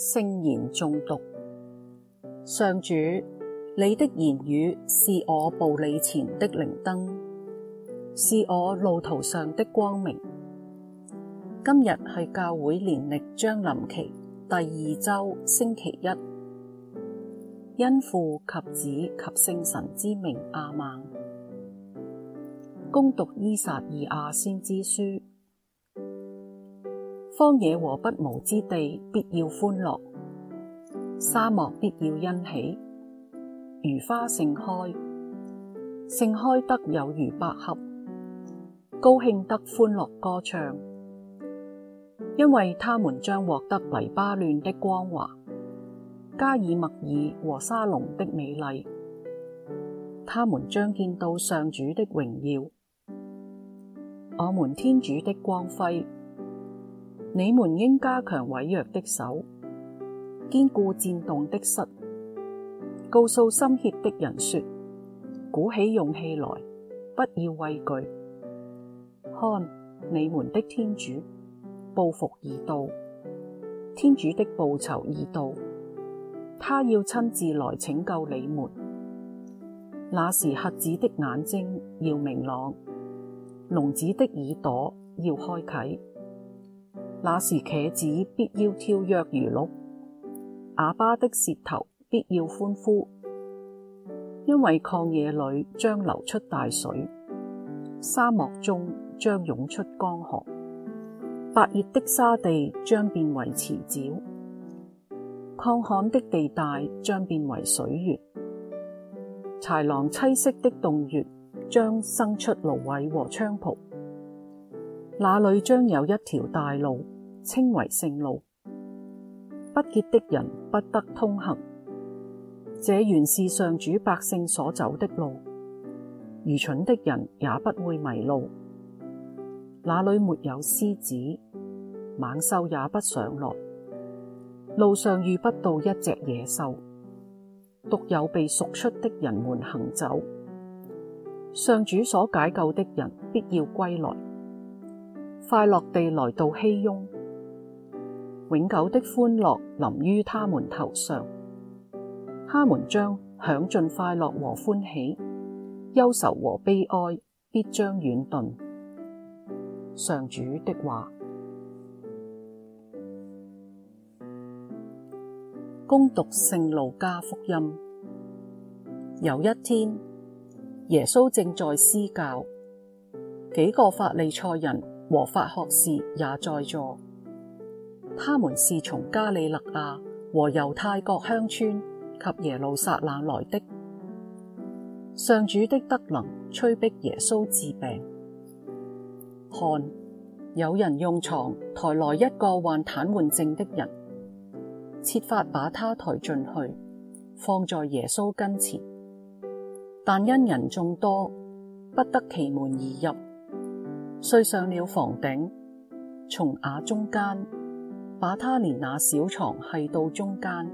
聖言中毒。上主，你的言語是我步你前的靈燈，是我路途上的光明。今日係教會年曆將臨期第二周星期一，因父及子及聖神之名阿門。攻讀伊撒意亞先知書。荒野和不毛之地必要歡樂，沙漠必要欣喜，如花盛開，盛開得有如百合，高興得歡樂歌唱，因為他們將獲得黎巴嫩的光華，加爾默耳和沙龍的美麗，他們將見到上主的榮耀，我們天主的光輝。你們應加強痿弱的手，堅固顫動的膝。告訴心怯的人說：「鼓起勇氣來，不要畏懼。看你們的天主，報復已到，天主的報酬已到，他要親自來拯救你們。那時瞎子的眼睛要明朗，聾子的耳朵要開啓。那時瘸子必要跳躍如鹿，啞巴的舌頭必要歡呼，因為曠野裏將流出大水，沙漠中將湧出江河，白熱的沙地將變為池沼，亢旱的地帶將變為水源，豺狼棲息的洞穴將生出蘆葦和菖蒲。那裏將有一條大路，稱為聖路，不潔的人不得通行。這原是上主百姓所走的路，愚蠢的人也不會迷路。那裏沒有獅子、猛獸，也不上來。路上遇不到一隻野獸，獨有被贖出的人們行走。上主所解救的人，必要歸來。快樂地來到熙雍，永久的歡樂臨於他們頭上。他們將享盡快樂和歡喜，憂愁和悲哀必將遠遁。上主的話。恭讀聖路加福音。有一天，耶穌正在施教，幾個法利賽人。和法學士也在座，他們是從加里肋亞和猶太各鄉村及耶路撒冷來的。上主的德能催迫耶穌治病，看，有人用床抬來一個患癱瘓症的人，設法把他抬進去，放在耶穌跟前，但因人眾多，不得其門而入。遂上了房頂，從瓦中間，把他連那小床繫到中間，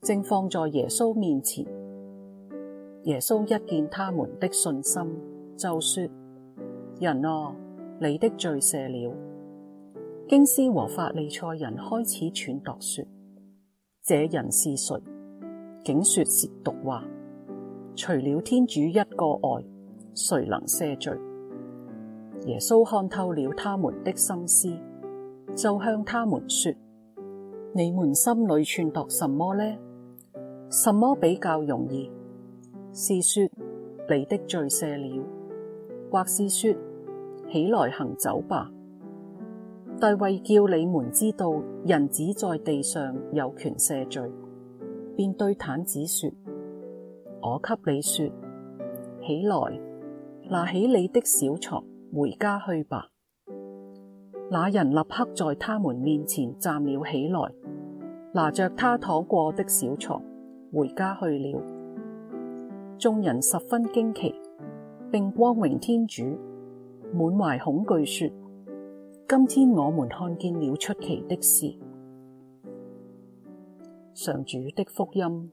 正放在耶穌面前。耶穌一見他們的信心，就說：人啊，你的罪赦了。經師和法利賽人開始忖度說：這人是誰？竟說褻瀆話。除了天主一個外，誰能赦罪？耶穌看透了他們的心思，就向他們說：你們心裏忖度什麼呢？什麼比較容易？是說你的罪赦了，或是說起來行走吧？但為叫你們知道人子在地上有權赦罪，便對癱子說：我給你說起來，拿起你的小床。回家去吧。那人立刻在他們面前站了起來，拿着他躺過的小床回家去了。眾人十分驚奇，並光榮天主，滿懷恐懼說：今天我們看見了出奇的事。上主的福音。